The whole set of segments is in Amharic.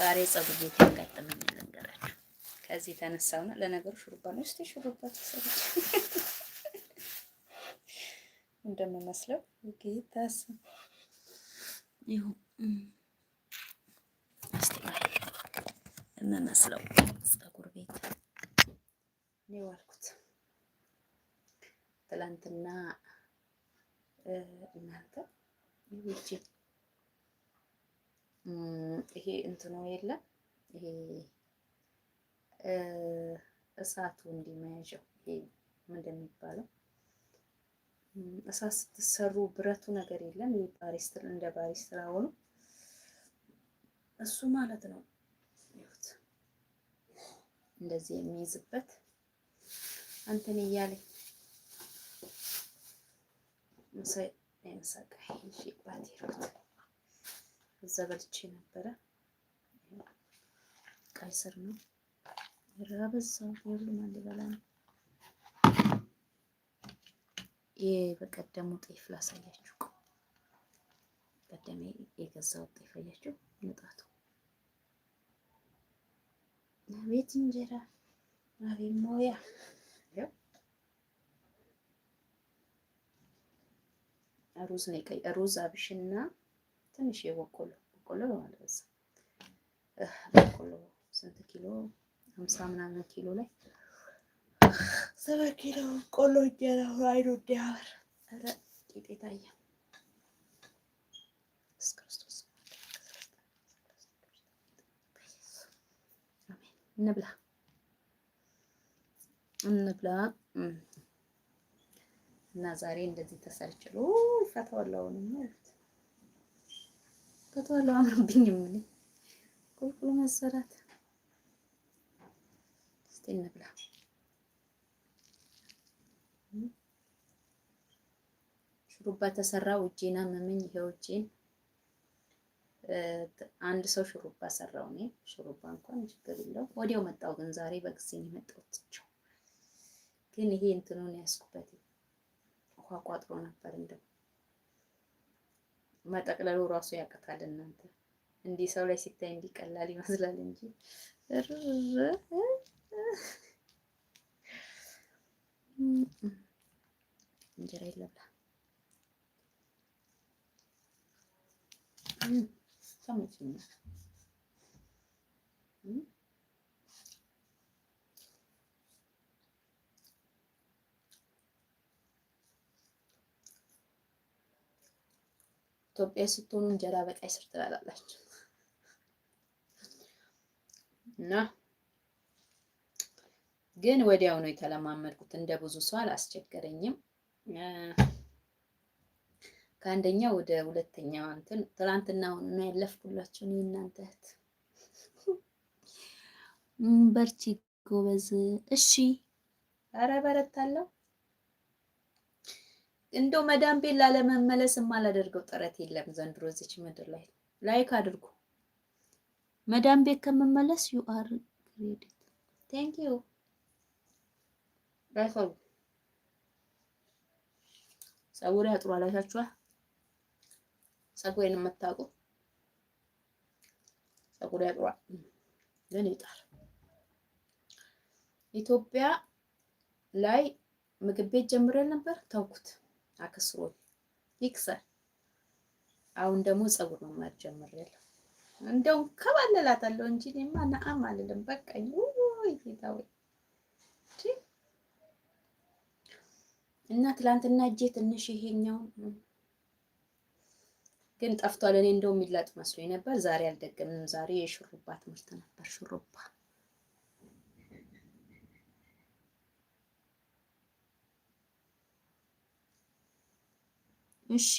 ዛሬ ጸጉር ቤት ያጋጠመኛል ልንገራችሁ። ከዚህ ነው። ለነገሩ ሹሩባ ነው። እስቲ ሹሩባ ተሰሩች እንደምመስለው ጌታስ ይሁን እስቲ የምመስለው ጸጉር ቤት ነው ያልኩት። ትላንትና እናንተ ይሁን ይሄ እንትኑ የለ ይሄ እሳቱ እንዲመያዣው ይሄ ምንድን ነው የሚባለው? እሳት ስትሰሩ ብረቱ ነገር የለም። ይሄ ባሪስትር እንደ ባሪስትራ ሆኖ እሱ ማለት ነው። ይሁት እንደዚህ የሚይዝበት እንትን እያለኝ ሰ ሰቃ ይባቴ ይሉት እዛ በልቼ ነበረ። ቀይ ስር ነው የራበዛው ሁሉም አንድ በላ ነው። የበቀደሙ ጤፍ ላሳያችሁ። ቀደም የገዛው ጤፍ አያችሁ ንጣቱ። ቤት እንጀራ አቤት ሞያ ሩዝ ነው። ሩዝ አብሽና ትንሽ የበቆሎ በቆሎ ማለት ነው። በቆሎ ስንት ኪሎ? ሃምሳ ምናምን ኪሎ ላይ ሰባት ኪሎ ቆሎ ይያለው አይዶ ዲያር አረ ቂጤታየ እንብላ እንብላ እና ዛሬ እንደዚህ ተሰርችሎ ፈተዋለሁ ነው በቶሎ አምሮብኝ ምን ቁልቁል መሰራት እስቲ እንብላ። ሹሩባ ተሰራው እጄና መመኝ ይሄው እጄን አንድ ሰው ሹሩባ ሰራው። እኔ ሹሩባ እንኳን ችግር የለው ወዲያው መጣው፣ ግን ዛሬ በጊዜ ነው የመጣሁት። ግን ይሄ እንትኑን ያስኩበት ውሃ ቋጥሮ ነበር እንደው መጠቅለሉ ራሱ ያቅታል። እናንተ እንዲህ ሰው ላይ ሲታይ እንዲቀላል ይመስላል እንጂ እንጀራ ይለብላ ሰሞኑን ኢትዮጵያ ስትሆኑ እንጀራ በቃይ ስር ትበላላችሁ እና ግን ወዲያው ነው የተለማመድኩት። እንደ ብዙ ሰው አላስቸገረኝም። ከአንደኛ ወደ ሁለተኛ እንትን ትላንትና አሁን ያለፍኩላችሁ ነው። እናንተ በርቺ ጎበዝ። እሺ፣ ኧረ በረታለሁ። እንደው መዳም ቤት ላለመመለስ የማላደርገው ጥረት የለም ዘንድሮ እዚች ምድር ላይ ላይክ አድርጉ። መዳም ቤት ከመመለስ ዩ አር ክሬዲት ቴንክ ዩ ራይፈሩ ጸጉሬ አጥሩ አላታችኋል። ጸጉሬን የምታውቁ ጸጉሬ ያጥሯ ግን ይጣል ኢትዮጵያ ላይ ምግብ ቤት ጀምረን ነበር ተውኩት። አክስሮ ይክሰል። አሁን ደግሞ ፀጉር መማር ጀምሬያለሁ። እንደው ከባለላታለሁ እንጂ እኔማ ነአም አልልም። በቃኝ። ውይ ጌታዬ እና ትላንትና እጄ ትንሽ ይሄኛው ግን ጠፍቷል። እኔ እንደው የሚላጥ መስሎኝ ነበር። ዛሬ አልደገምንም። ዛሬ የሹሩባ ትምህርት ነበር። ሹሩባ እሺ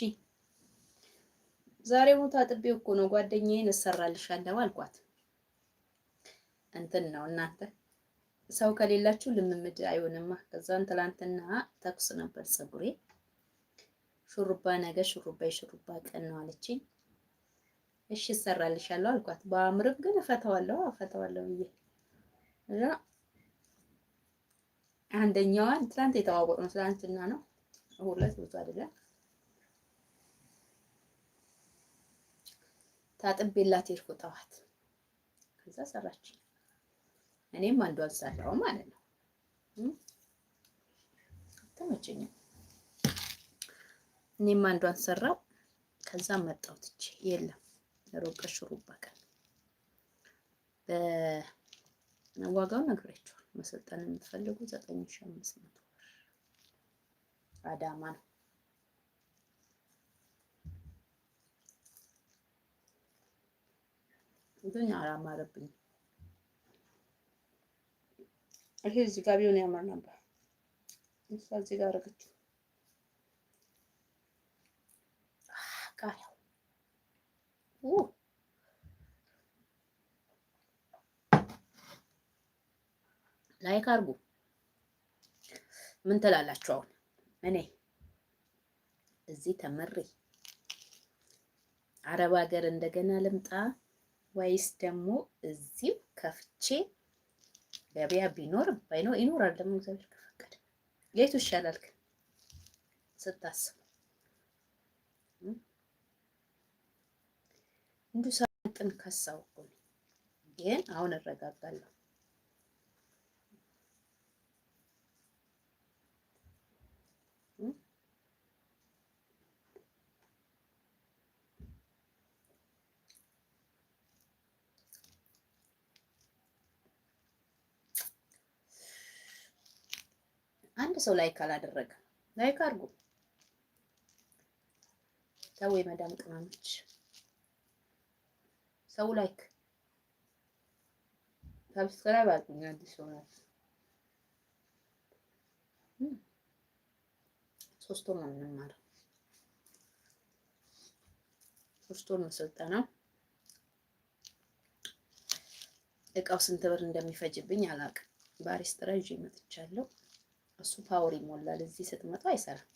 ዛሬ ሞታ አጥቤ እኮ ነው ጓደኛዬን እሰራልሻለሁ አልኳት። እንትን ነው እናንተ ሰው ከሌላችሁ ልምምድ አይሆንማ። ከዛን ትላንትና ተኩስ ነበር ጸጉሬ ሹሩባ ነገ ሹሩባ የሹሩባ ቀን ነው አለችኝ። እሺ እሰራልሻለሁ አልኳት። በአእምርም ግን እፈተዋለሁ እፈተዋለሁ ብዬ እና አንደኛዋን ትላንት የተዋወቅነው ትላንትና ነው ሁለት ብዙ አይደለም ታጥቤላት ሄድኩ ጠዋት። ከዛ ሰራች፣ እኔም አንዱ ሰራው ማለት ነው። ተመቸኝም እኔም አንዱ ሰራው። ከዛ መጣሁ ትቼ የለም ሮቀ ሽሩባ ቀን ዋጋው ነግሬያቸዋል። መሰልጠን የምትፈልጉ ዘጠኝ ሺህ አምስት መቶ ብር አዳማ ነው። ግን አላማረብኝ። ይሄ እዚህ ጋር ቢሆን ያምር ነበር። እሷ እዚህ ጋር አደረገችው። ላይክ አድርጉ። ምን ትላላችሁ? አሁን እኔ እዚህ ተመሬ አረብ ሀገር እንደገና ልምጣ ወይስ ደግሞ እዚሁ ከፍቼ ገበያ ቢኖር ባይኖር ይኖራል። ደግሞ እግዚአብሔር ከፈቀደ የቱ ይሻላል ግን ስታስቡ እንዲሁ ሳጥን ከሳው ግን አሁን እረጋጋለሁ። አንድ ሰው ላይክ አላደረገ ላይክ አድርጉ። ሰው የመዳም ቅመሞች ሰው ላይክ ሰብስክራይብ አድርጉኝ። አዲስ ሰው ናት። ሶስት ወር ነው የምንማረው። ሶስት ወር ነው ስልጠናው። እቃው ስንት ብር እንደሚፈጅብኝ አላውቅም። ባሪስትራ ይዤ መጥቻለሁ። እሱ ፓወር ይሞላል። እዚህ ስትመጡ አይሰራም።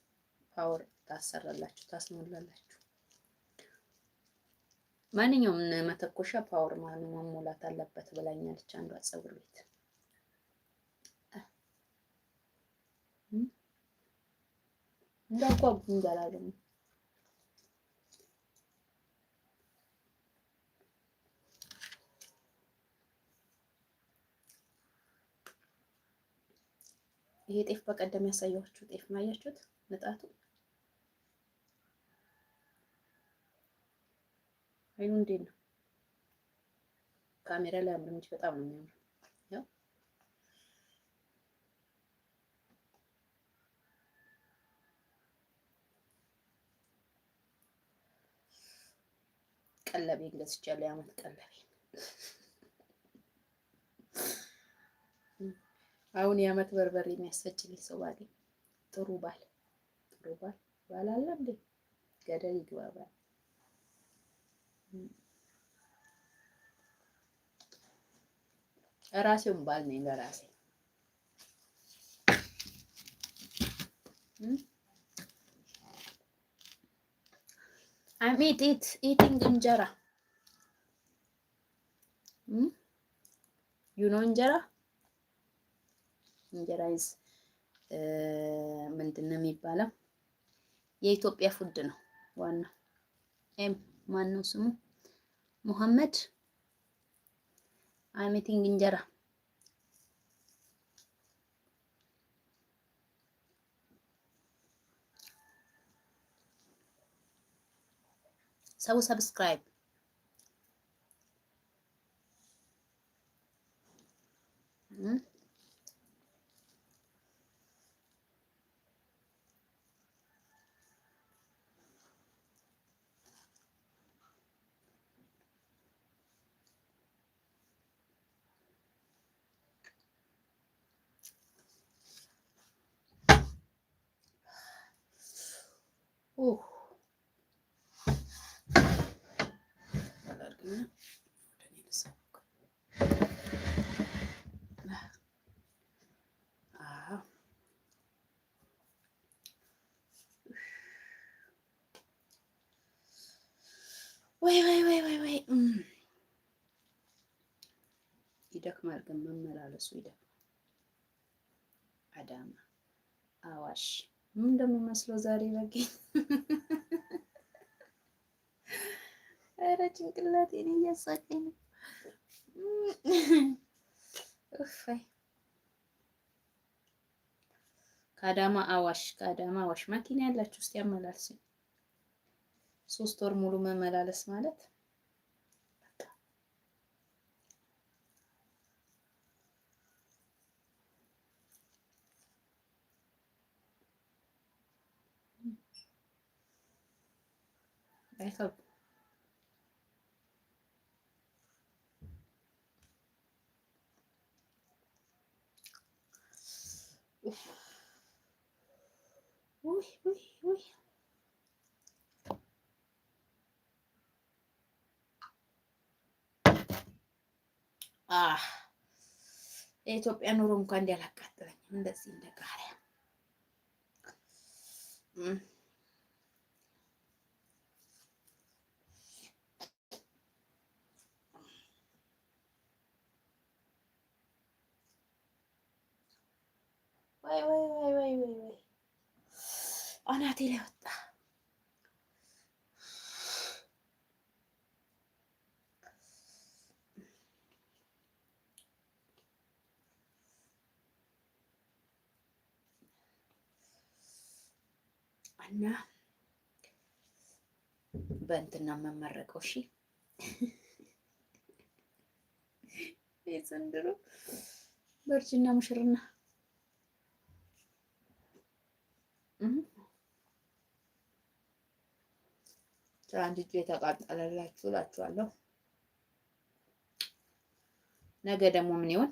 ፓወር ታሰራላችሁ፣ ታስሞላላችሁ። ማንኛውም መተኮሻ ፓወር ማኑ መሞላት አለበት ብላኛለች አንዷ ፀጉር ቤት እንዳጓጉኝ ጋር ይሄ ጤፍ በቀደም ያሳያችሁ ጤፍ ነው ያያችሁት ንጣቱ አይኑ እንዴት ነው ካሜራ ላይ አምሮ እንጂ በጣም ነው የሚያምር። ያው ቀለቤ ገዝቻለሁ የዓመት ቀለቤ አሁን የአመት በርበሬ የሚያስፈጭልኝ ሰው ባገኝ ጥሩ ባል ጥሩ ባል ባል አለ እንዴ ገደል ይግባባል። ራሴውን ባል ነኝ ለራሴ አሚት ኢት ኢቲንግ እንጀራ ዩኖ እንጀራ እንጀራ ይዝ ምንድን ነው የሚባለው? የኢትዮጵያ ፉድ ነው ዋናው። ኤም ማን ነው ስሙ? ሙሐመድ ሚቲንግ እንጀራ ሰው ሰብስክራይብ እ ወይ ወይ ወይ ወይ ወይ ይደክማል፣ ግን መመላለሱ ይደክማል። አዳማ አዋሽ ምን እንደምመስለው ዛሬ በጌኝ ኧረ ጭንቅላቴን እያሳቀኝ ነው። እፋይ ከአዳማ አዋሽ ከአዳማ አዋሽ መኪና ያላችሁ ውስጥ ያመላልስ ሶስት ወር ሙሉ መመላለስ ማለት አይከብዱም። ውይ ውይ ውይ የኢትዮጵያ ኑሮ እንኳን እንዲያላቃጥለኝ እንደዚህ እንደ ቃሪያ ወይ ወይ ወይ ወይ ወይ ወይ አናቴ ላይ ወጣ። እና በእንትን ነው እሺ የዘንድሮ በእርጅና ሙሽርና ትናንት mm-hmm. እጄ የተቃጠለላችሁ እላችኋለሁ። ነገ ደግሞ ምን ይሆን?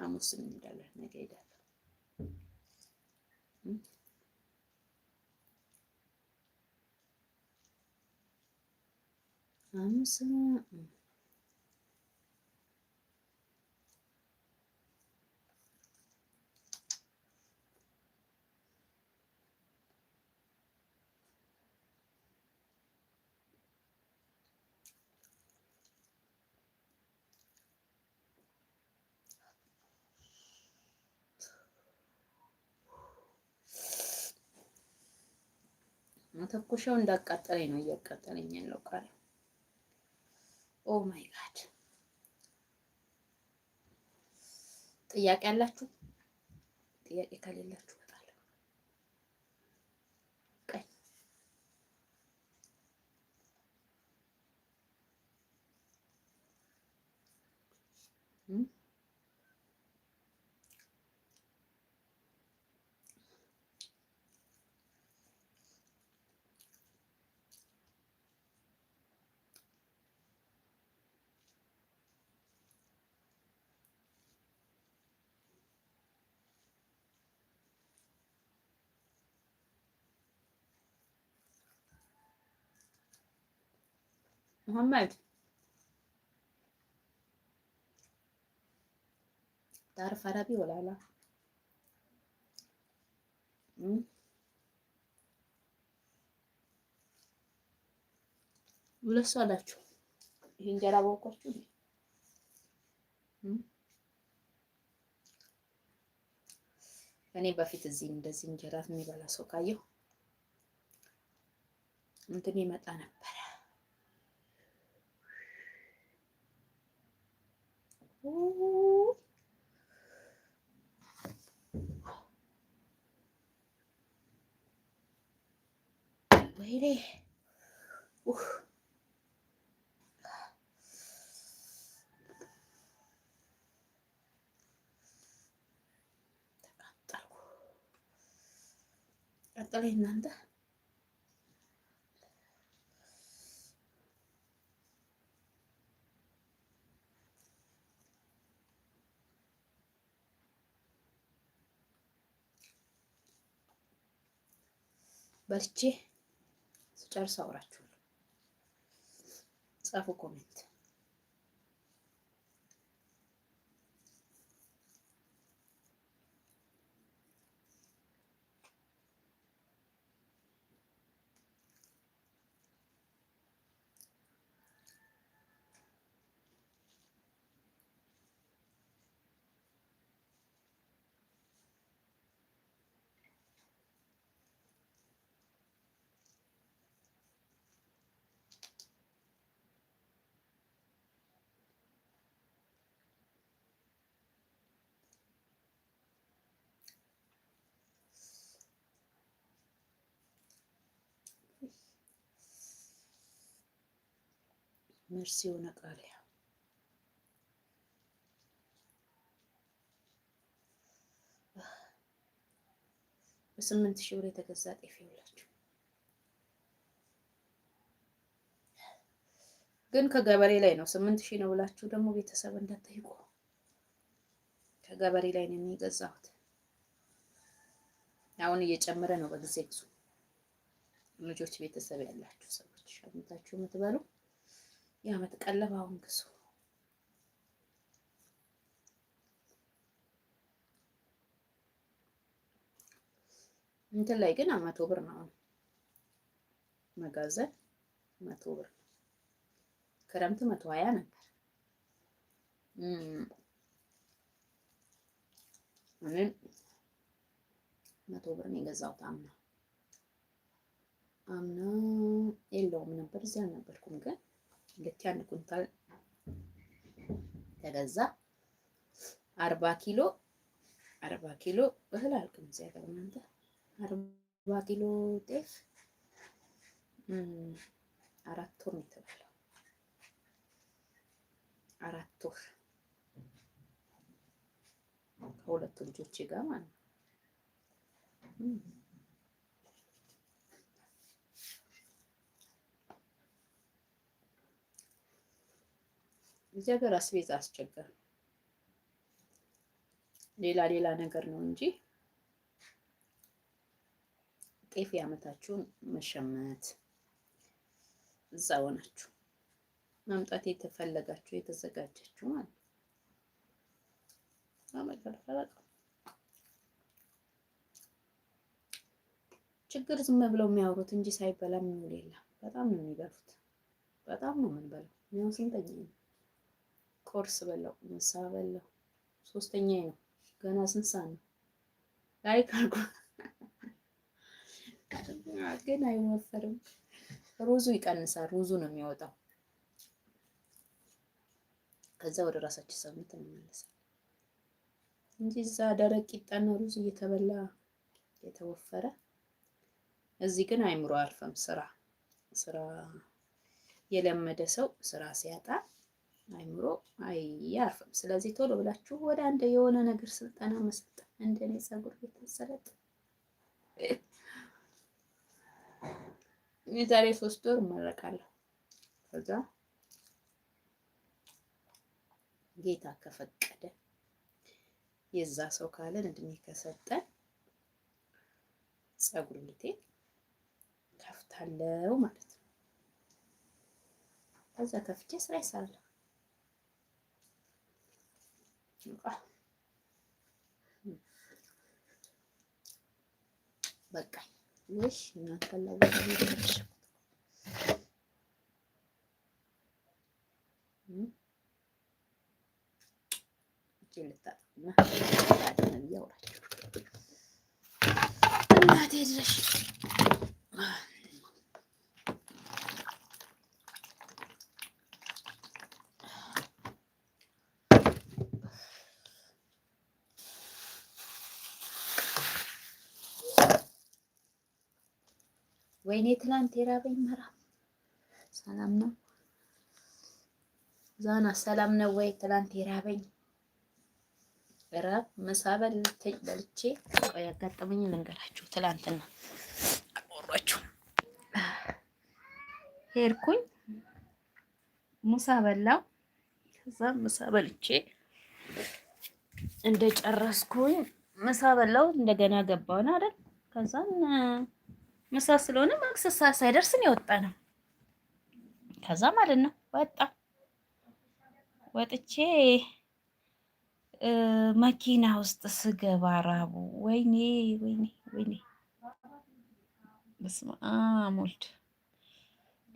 ሐሙስ ምን እንሄዳለን? ነገ እሄዳለሁ። ሐሙስ ተኮሻው እንዳቃጠለኝ ነው እያቃጠለኝ ያለው ቃል። ኦ ማይ ጋድ! ጥያቄ አላችሁ? ጥያቄ ከሌላችሁ እወጣለሁ። ቀይ hmm? መሐመድ ታርፍ አረቢ ወላላ ሁለት ሰው አላችሁ። ይሄ እንጀራ ባውቋችሁ እኔ በፊት እዚህ እንደዚህ እንጀራ የሚበላ ሰው ካየሁ እንትን ይመጣ ነበር። ላይ እናንተ በልቼ ስጨርስ አውራችኋለሁ። ጻፉ ኮሜንት መርስ የሆነ ቃሪያ በስምንት ሺህ ብር የተገዛ ጤፍ ይውላችሁ። ግን ከገበሬ ላይ ነው። ስምንት ሺህ ነው ብላችሁ ደግሞ ቤተሰብ እንዳትጠይቁ። ከገበሬ ላይ ነው የሚገዛሁት። አሁን እየጨመረ ነው በጊዜ ብዙ ልጆች ቤተሰብ ያላችሁ ሰዎች አግኝታችሁ የምትበሉ የአመት ቀለብ አሁን ግዙ። እንትን ላይ ግን መቶ ብር ነው መጋዘን መቶ ብር ክረምት መቶ ሀያ ነበር። እኔም መቶ ብር ነው የገዛሁት አምና አምና የለውም ነበር እዚህ አልነበርኩም ግን ልክ ያን ኩንታል ተገዛ። አርባ ኪሎ አርባ ኪሎ እህል አልቅም እዚያ ጋር እናንተ አርባ ኪሎ ጤፍ አራት ወር ነው የተባለው። አራት ወር ከሁለቱ ልጆች ጋር ማለት ነው። እዚህ ሀገር አስቤዛ አስቸገር ሌላ ሌላ ነገር ነው እንጂ ጤፍ ያመታችሁን መሸመት እዛ ሆናችሁ መምጣት የተፈለጋችሁ የተዘጋጀችሁ ማለት ነው። ችግር ዝም ብለው የሚያወሩት እንጂ ሳይበላ የሚውል የለም። በጣም ነው የሚበሉት። በጣም ነው የምንበላው። እኛው ስንተኛ ነው ኮርስ በላው፣ ምሳ በላው። ሶስተኛ ነው ገና ስንት ሰዓት ነው? ላይክ አርጉ። ግን አይወፈርም። ሩዙ ይቀንሳል። ሩዙ ነው የሚወጣው። ከዛ ወደ ራሳችን ሰውነት እንመለሳለን እንጂ እዛ ደረቅ ቂጣና ሩዝ እየተበላ የተወፈረ። እዚህ ግን አይምሮ አልፈም። ስራ ስራ የለመደ ሰው ስራ ሲያጣ አይምሮ አያርፍም። ስለዚህ ቶሎ ብላችሁ ወደ አንድ የሆነ ነገር ስልጠና መሰልጠን እንደኔ ጸጉር ቤት መሰረት የዛሬ ሶስት ወር እመረቃለሁ። ከዛ ጌታ ከፈቀደ የዛ ሰው ካለን እድሜ ከሰጠን ጸጉር ቤቴ ከፍታለው ማለት ነው። ከዛ ከፍቼ ስራ ይሰራል። ይውቃል። በቃ ይሽ እናንተ ትላንት የራበኝ መራብ ሰላም ነው ዛና ሰላም ነው ወይ? ትላንት የራበኝ ራብ ምሳ በልተኝ በልቼ ያጋጠመኝ ልንገራችሁ። ትላንትና አልወራችሁ ሄድኩኝ ሙሳ በላው። ከዛ ምሳ በልቼ እንደጨረስኩኝ ምሳ በላው እንደገና ገባውን አይደል ከዛን ምሳ ስለሆነ ማክሰስ ሳይደርስን የወጣ ነው። ከዛ ማለት ነው ወጣ ወጥቼ መኪና ውስጥ ስገባ ራቡ ወይኔ ወይኔ ወይኔ በስመ አብ ወልድ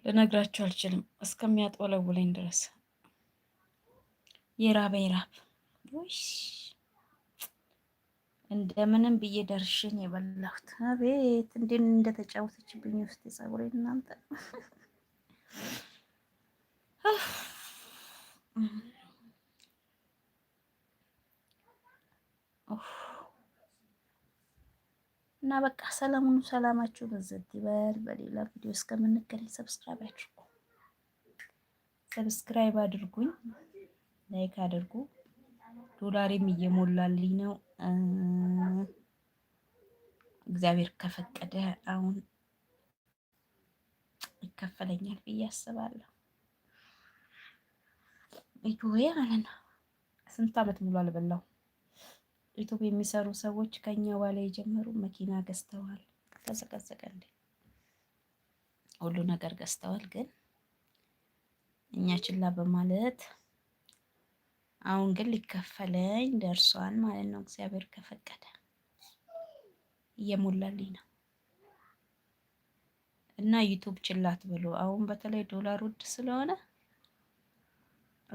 ልነግራችሁ አልችልም እስከሚያጠወለውለኝ ድረስ የራበኝ ራብ እንደምንም ብዬ ደርሽን የበላሁት። አቤት እንዴት እንደተጫወተችብኝ ውስጥ የጸጉር እናንተ እና በቃ ሰላሙኑ ሰላማችሁ በዘት ይበል። በሌላ ቪዲዮ እስከምንገናኝ ሰብስክራይብ አድርጉ፣ ሰብስክራይብ አድርጉኝ፣ ላይክ አድርጉ። ዶላሬም እየሞላልኝ ነው። እግዚአብሔር ከፈቀደ አሁን ይከፈለኛል ብዬ አስባለሁ። ኢትዮጵያ ማለት ስንት አመት ሙሉ አልበላው። ኢትዮጵያ የሚሰሩ ሰዎች ከኛ በኋላ የጀመሩ መኪና ገዝተዋል። ተዘቀዘቀ እንዴ ሁሉ ነገር ገዝተዋል። ግን እኛ ችላ በማለት አሁን ግን ሊከፈለኝ ደርሷል ማለት ነው። እግዚአብሔር ከፈቀደ እየሞላልኝ ነው እና ዩቱብ ችላት ብሎ አሁን በተለይ ዶላር ውድ ስለሆነ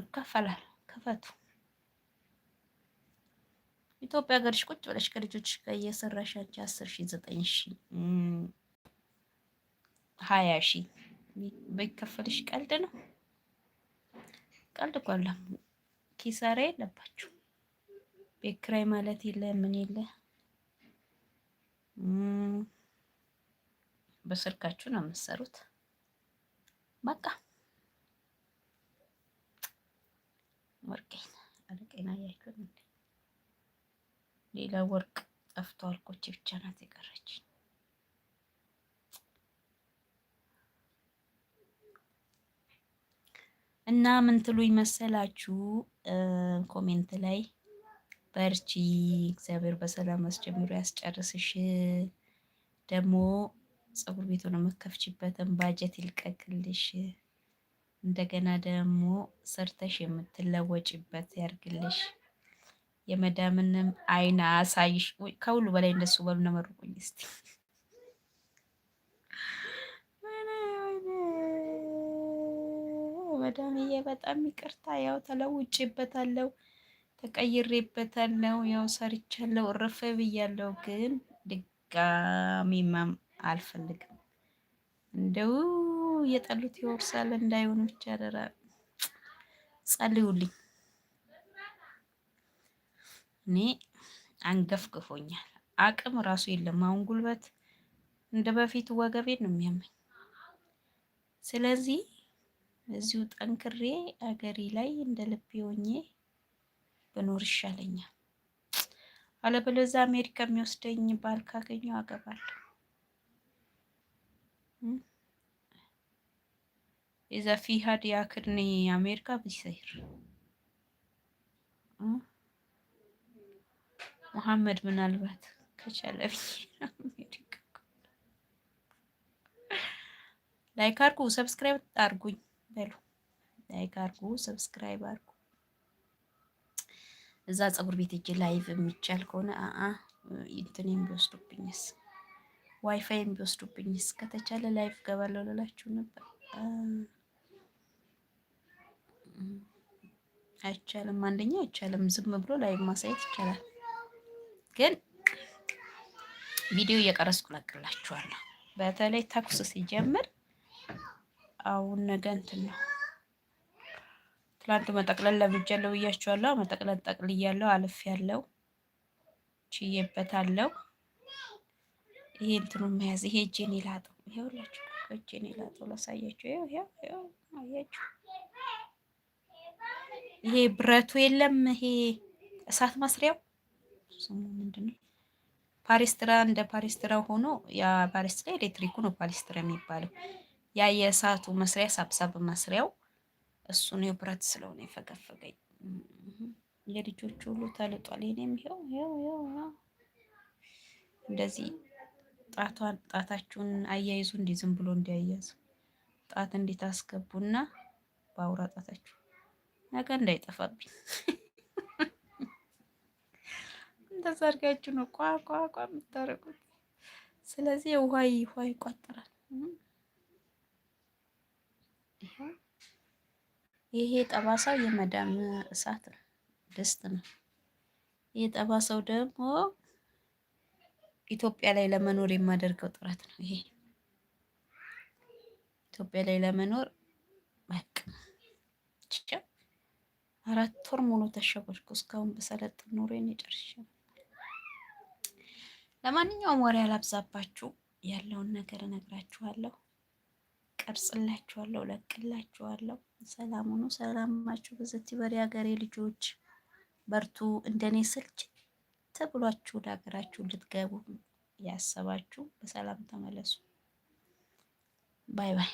እከፈላል። ክፈቱ። ኢትዮጵያ ሀገርሽ ቁጭ ብለሽ ከልጆች ጋር እየሰራሽ አንቺ አስር ሺ ዘጠኝ ሺ ሀያ ሺ በይከፈልሽ ቀልድ ነው። ቀልድ እኮ አለ። ኪሳራ የለባችሁ። ቤት ኪራይ ማለት የለ ምን የለ በስልካችሁ ነው የምትሰሩት። በቃ ወርቄን አለቀና ያያችሁት ሌላ ወርቅ ጠፍቷል። ኮቼ ብቻ ናት የቀረች። እና ምን ትሉኝ መሰላችሁ? ኮሜንት ላይ በርቺ፣ እግዚአብሔር በሰላም አስጀምሮ ያስጨርስሽ፣ ደግሞ ፀጉር ቤቱን የምከፍችበትን ባጀት ይልቀቅልሽ፣ እንደገና ደግሞ ሰርተሽ የምትለወጭበት ያርግልሽ፣ የመዳምንም አይና አሳይሽ። ከሁሉ በላይ እንደሱ በሉ ነመርቁኝ መርቁኝ እስቲ መዳምዬ በጣም ይቅርታ፣ ያው ተለውጬበታለሁ፣ ተቀይሬበታለሁ፣ ያው ሰርቻለሁ፣ እርፍ ብያለሁ። ግን ድጋሚ ማም አልፈልግም። እንደው የጠሉት ይወርሳል እንዳይሆን ብቻ አደራ ጸልዩልኝ። እኔ አንገፍግፎኛል፣ አቅም ራሱ የለም። አሁን ጉልበት እንደ በፊት ወገቤን ነው የሚያመኝ። ስለዚህ እዚሁ ጠንክሬ አገሬ ላይ እንደ ልቤ ሆኜ ብኖር ይሻለኛል። አለበለዚያ አሜሪካ የሚወስደኝ ባል ካገኘው አገባለሁ። የዛ ፊሃድ ያክድኒ አሜሪካ ቢሰይር መሐመድ ምናልባት ከቻለ አሜሪካ ላይክ አድርጉ፣ ሰብስክራይብ አድርጉኝ። በሉ ላይክ አርጉ፣ ሰብስክራይብ አርጉ። እዛ ፀጉር ቤት እጅ ላይቭ የሚቻል ከሆነ አአ እንትኔም ቢወስዱብኝስ ዋይፋይም ቢወስዱብኝስ ከተቻለ ላይቭ ገባለሁ ልላችሁ ነበር። አይቻልም፣ አንደኛ አይቻልም። ዝም ብሎ ላይቭ ማሳየት ይቻላል፣ ግን ቪዲዮ እየቀረጽኩ ላቅላችኋለሁ። በተለይ ተኩስ ሲጀምር አሁን ነገ እንትን ነው። ትላንት መጠቅለል ለብጃለሁ ብያችኋለሁ። መጠቅለል ጠቅልያለሁ፣ አልፍ ያለው ችዬበታለሁ። ይሄ እንትኑ መያዝ ይሄ እጄን ይላጠው፣ ሁላችሁ እጄን ይላጠው ላሳያችሁ። ይሄው ይሄው አያችሁ፣ ይሄ ብረቱ የለም ይሄ እሳት ማስሪያው ስሙ ምንድን ነው? ፓሪስትራ እንደ ፓሪስትራ ሆኖ ያ ፓሪስትራ ኤሌክትሪኩ ነው ፓሪስትራ የሚባለው ያ የእሳቱ መስሪያ ሳብሳብ መስሪያው እሱ ነው። ብረት ስለሆነ የፈገፈገኝ የልጆቹ ሁሉ ተልጧል። ይኔም ይሄው ይሄው ይሄው እንደዚህ ጣቷን ጣታችሁን አያይዙ እንዲህ ዝም ብሎ እንዲያያዝ ጣት እንዲታስገቡና በአውራ ጣታችሁ ነገር እንዳይጠፋብኝ እንደዛ አድርጋችሁ ነው ቋቋቋ ቋ ስለዚህ ውሃ ውሃ ይቋጥራል። ይሄ ጠባሳው የመዳም እሳት ድስት ነው። ይሄ ጠባሳው ደግሞ ኢትዮጵያ ላይ ለመኖር የማደርገው ጥረት ነው። ይሄ ኢትዮጵያ ላይ ለመኖር በቃ አራት ወር ሙሉ ተሸጎልኩ። እስካሁን ለማንኛውም ወሬ አላብዛባችሁ፣ ያለውን ነገር እነግራችኋለሁ። ቀርጽላችኋለሁ፣ ለቅላችኋለሁ። ሰላም ሁኑ። ሰላማችሁ ብዝት ይበል። የሀገሬ ልጆች በርቱ። እንደኔ ስልች ተብሏችሁ ወደ ሀገራችሁ ልትገቡ ያሰባችሁ በሰላም ተመለሱ። ባይ ባይ።